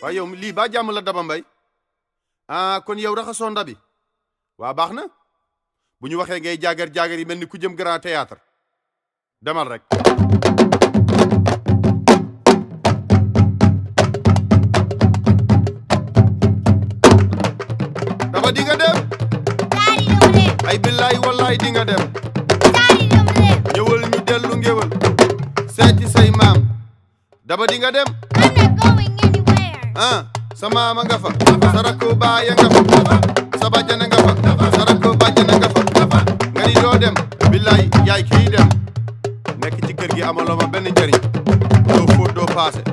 waaw yow lii ba jàmm daba mbay ah kon yow raxasoo ndabi waa baax na bu ñu waxee ngay jaagar jaagar yi mel ni ku jëm grand théâtre demal rek daba di nga dem ay billaay wallaay di dem daba di nga dem. sa maama nga fa. sa rakku baaya nga fa. sa bajjana nga fa. sa rakku bajjana nga fa. nga ni doo dem. billaay yaay kii dem. nekk ci kër gi amaloo benn njëriñ. doo fóot doo paase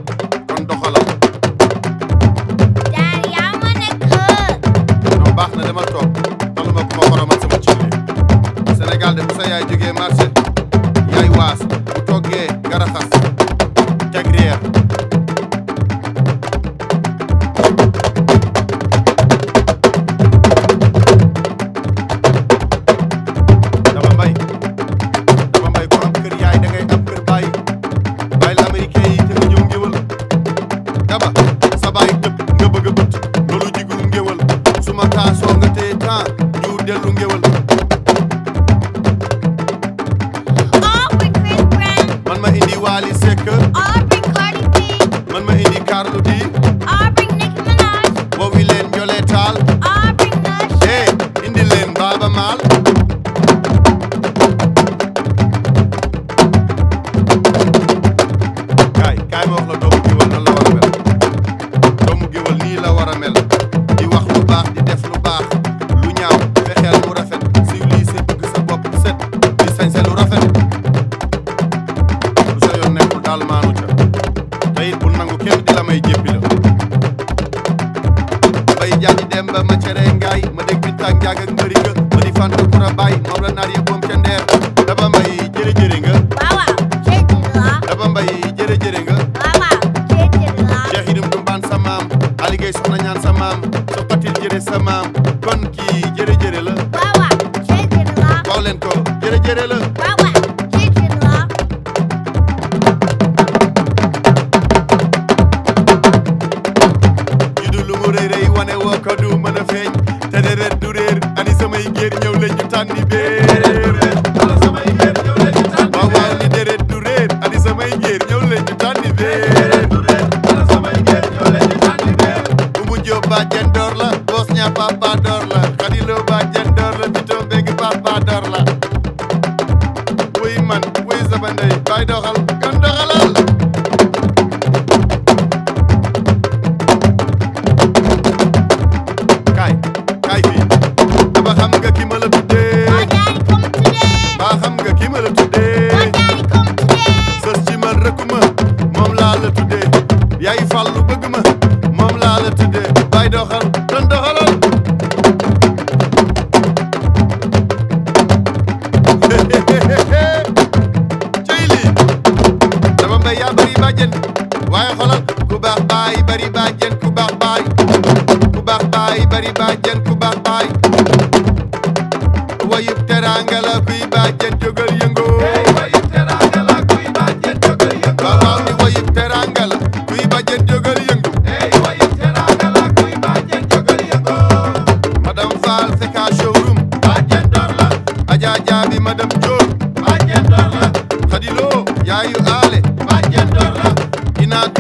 kon doxalal. Sarr tuuti jaaji demba ma cere ngaay ma dégg tag njaag ak mbëri nga ma di fan ko kura baay ma wala naar yëpp moom ca ndeer daba mbay jërë jërë nga waaw daba mbay jërë jërë nga waaw jeex idum du mbaan sa maam ñaan sa maam soxatil jëre sa kon ambassadeur la wuy man wuy sabandey bay doxal gan doxalal kaay kaay fii ba xam nga ki ma la tuddee ba xam nga ki ma tuddee baax baay bari bàjjen ku baax baax baay bari baax baay wayub teraanga la kuy bàjjen jógal yëngoo wayub teraanga la kuy bàjjen jógal yëngoo waaw waaw ni wayub teraanga la kuy bàjjen jógal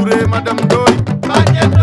Touré madame Ndoye